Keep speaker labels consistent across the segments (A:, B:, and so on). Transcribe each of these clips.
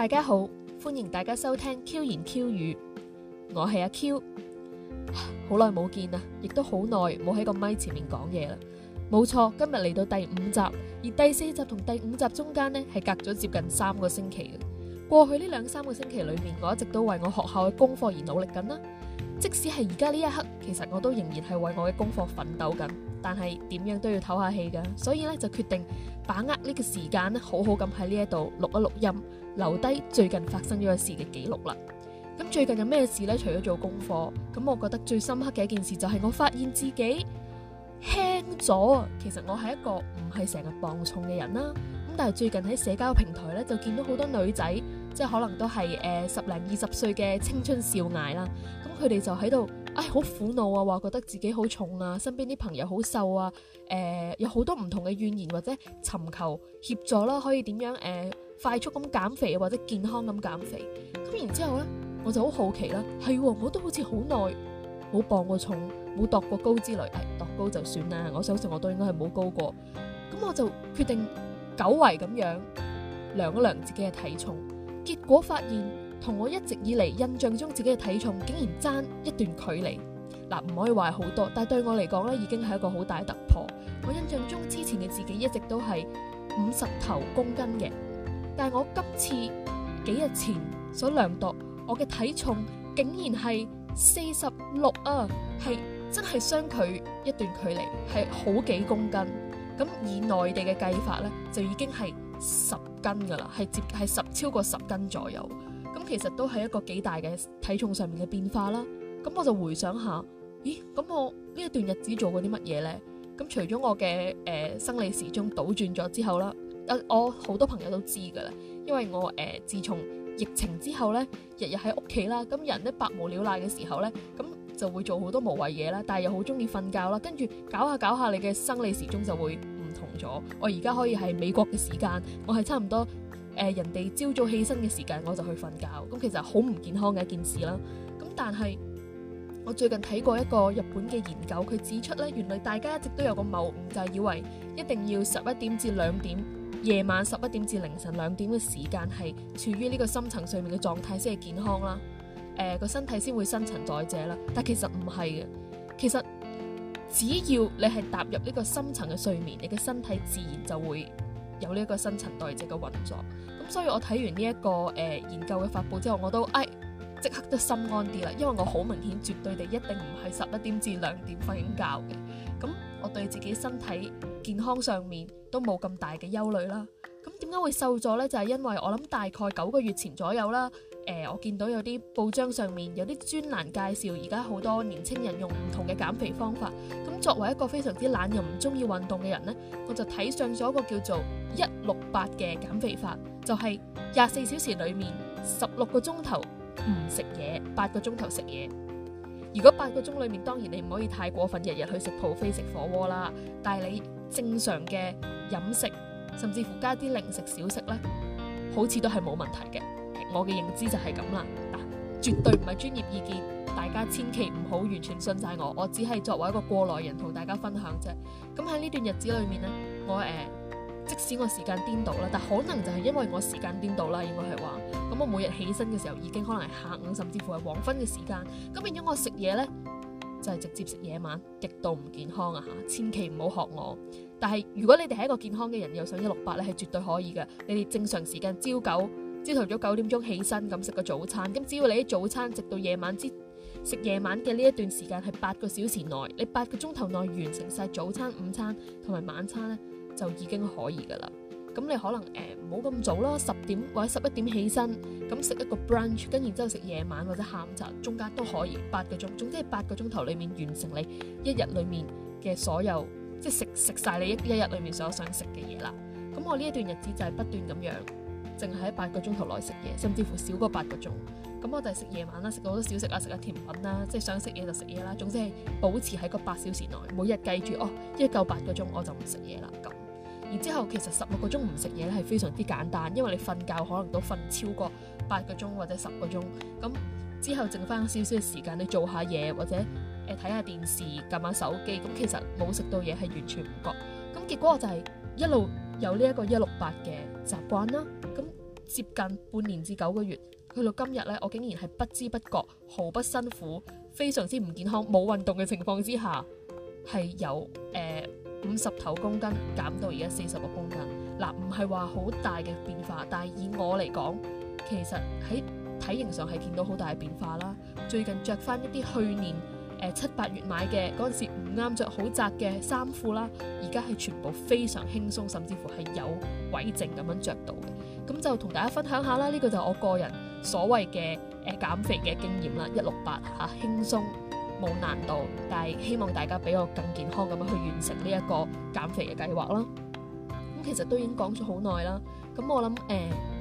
A: 大家好，歡迎大家收聽《Q 言 Q 語》，我係阿 Q，好耐冇見啦，亦都好耐冇喺個咪前面講嘢啦。冇錯，今日嚟到第五集，而第四集同第五集中間呢係隔咗接近三個星期嘅。過去呢兩三個星期裏面，我一直都為我學校嘅功課而努力緊啦。即使係而家呢一刻，其實我都仍然係為我嘅功課奮鬥緊，但係點樣都要唞下氣噶，所以咧就決定把握呢個時間咧，好好咁喺呢一度錄一錄音，留低最近發生咗嘅事嘅記錄啦。咁最近有咩事咧？除咗做功課，咁我覺得最深刻嘅一件事就係我發現自己輕咗。其實我係一個唔係成日磅重嘅人啦。就最近喺社交平台咧，就見到好多女仔，即係可能都係誒、呃、十零二十歲嘅青春少艾啦。咁佢哋就喺度，唉，好苦惱啊，話覺得自己好重啊，身邊啲朋友好瘦啊。誒、呃，有好多唔同嘅怨言或者尋求協助啦，可以點樣誒、呃、快速咁減肥或者健康咁減肥。咁然之後咧，我就好好奇啦，係、啊、我都好似好耐冇磅過重，冇度過高之類。誒，度高就算啦，我相信我都應該係冇高過。咁我就決定。久違咁樣量一量自己嘅體重，結果發現同我一直以嚟印象中自己嘅體重竟然爭一段距離。嗱、啊，唔可以話好多，但係對我嚟講咧，已經係一個好大突破。我印象中之前嘅自己一直都係五十頭公斤嘅，但係我今次幾日前所量度我嘅體重竟然係四十六啊，係真係相距一段距離，係好幾公斤。咁以內地嘅計法咧，就已經係十斤㗎啦，係接係十超過十斤左右。咁其實都係一個幾大嘅體重上面嘅變化啦。咁我就回想下，咦？咁我呢一段日子做過啲乜嘢咧？咁除咗我嘅誒、呃、生理時鐘倒轉咗之後啦，啊、呃，我好多朋友都知㗎啦，因為我誒、呃、自從疫情之後咧，日日喺屋企啦，咁人咧百無聊賴嘅時候咧，咁就會做好多無謂嘢啦，但係又好鍾意瞓覺啦，跟住搞下搞下你嘅生理時鐘就會。我而家可以係美國嘅時間，我係差唔多誒、呃、人哋朝早起身嘅時間，我就去瞓覺。咁其實好唔健康嘅一件事啦。咁但係我最近睇過一個日本嘅研究，佢指出咧，原來大家一直都有個謬誤，就係、是、以為一定要十一點至兩點，夜晚十一點至凌晨兩點嘅時間係處於呢個深層睡眠嘅狀態先係健康啦，誒、呃、個身體先會新陳代謝啦。但其實唔係嘅，其實。只要你係踏入呢個深層嘅睡眠，你嘅身體自然就會有呢個新陳代謝嘅運作。咁所以我睇完呢、這、一個誒、呃、研究嘅發布之後，我都誒即刻都心安啲啦，因為我好明顯絕對地一定唔係十一點至兩點瞓緊覺嘅。咁我對自己身體健康上面都冇咁大嘅憂慮啦。咁點解會瘦咗呢？就係、是、因為我諗大概九個月前左右啦。誒、呃，我見到有啲報章上面有啲專欄介紹，而家好多年青人用唔同嘅減肥方法。咁作為一個非常之懶又唔中意運動嘅人呢，我就睇上咗一個叫做一六八嘅減肥法，就係廿四小時裏面十六個鐘頭唔食嘢，八個鐘頭食嘢。如果八個鐘裏面，當然你唔可以太過分天天，日日去食 buffet 食火鍋啦。但係你正常嘅飲食，甚至乎加啲零食小食呢，好似都係冇問題嘅。我嘅認知就係咁啦，但絕對唔係專業意見，大家千祈唔好完全信晒我。我只係作為一個過來人同大家分享啫。咁喺呢段日子裏面呢，我誒、呃，即使我時間顛倒啦，但可能就係因為我時間顛倒啦，應該係話咁我每日起身嘅時候已經可能係下午，甚至乎係黃昏嘅時間。咁變咗我食嘢呢，就係、是、直接食夜晚，極度唔健康啊！吓，千祈唔好學我。但係如果你哋係一個健康嘅人，又想一六八咧，係絕對可以嘅。你哋正常時間朝九。朝頭早九點鐘起身咁食個早餐，咁只要你喺早餐直到夜晚之食夜晚嘅呢一段時間係八個小時內，你八個鐘頭內完成晒早餐、午餐同埋晚餐咧就已經可以噶啦。咁你可能誒唔好咁早咯，十點或者十一點起身，咁食一個 brunch，跟然之後食夜晚或者下午茶，中間都可以八個鐘，總之係八個鐘頭裏面完成你一日裏面嘅所有，即係食食晒你一一日裏面所有想食嘅嘢啦。咁我呢一段日子就係不斷咁樣。淨係喺八個鐘頭內食嘢，甚至乎少過八個鐘。咁我就係食夜晚啦，食好多小食啦，食下甜品啦，即係想食嘢就食嘢啦。總之係保持喺個八小時內，每日記住哦，一夠八個鐘我就唔食嘢啦。咁然之後，其實十六個鐘唔食嘢咧係非常之簡單，因為你瞓覺可能都瞓超過八個鐘或者十個鐘。咁之後剩翻少少嘅時間，你做下嘢或者誒睇下電視、撳下手機。咁其實冇食到嘢係完全唔覺。咁結果我就係一路有呢一個一六八嘅習慣啦。接近半年至九個月，去到今日呢，我竟然係不知不覺、毫不辛苦、非常之唔健康、冇運動嘅情況之下，係由誒五十頭公斤減到而家四十六公斤。嗱、啊，唔係話好大嘅變化，但係以我嚟講，其實喺體型上係見到好大嘅變化啦。最近着翻一啲去年。誒七八月買嘅嗰陣時唔啱着好窄嘅衫褲啦，而家係全部非常輕鬆，甚至乎係有鬼靜咁樣着到嘅。咁就同大家分享下啦。呢、呢個就我個人所謂嘅誒、呃、減肥嘅經驗啦，一六八嚇輕鬆冇難度，但係希望大家比我更健康咁樣去完成呢一個減肥嘅計劃啦。咁其實都已經講咗好耐啦。咁我諗誒。呃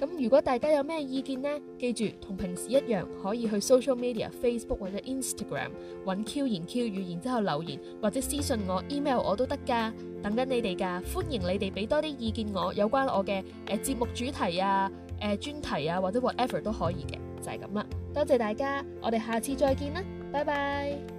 A: 咁如果大家有咩意見呢？記住同平時一樣，可以去 social media、Facebook 或者 Instagram 揾 Q 言 Q 語，然之後留言或者私信我 email 我都得噶，等緊你哋噶，歡迎你哋俾多啲意見我，有關我嘅誒、呃、節目主題啊、誒、呃、專題啊或者 whatever 都可以嘅，就係咁啦，多謝大家，我哋下次再見啦，拜拜。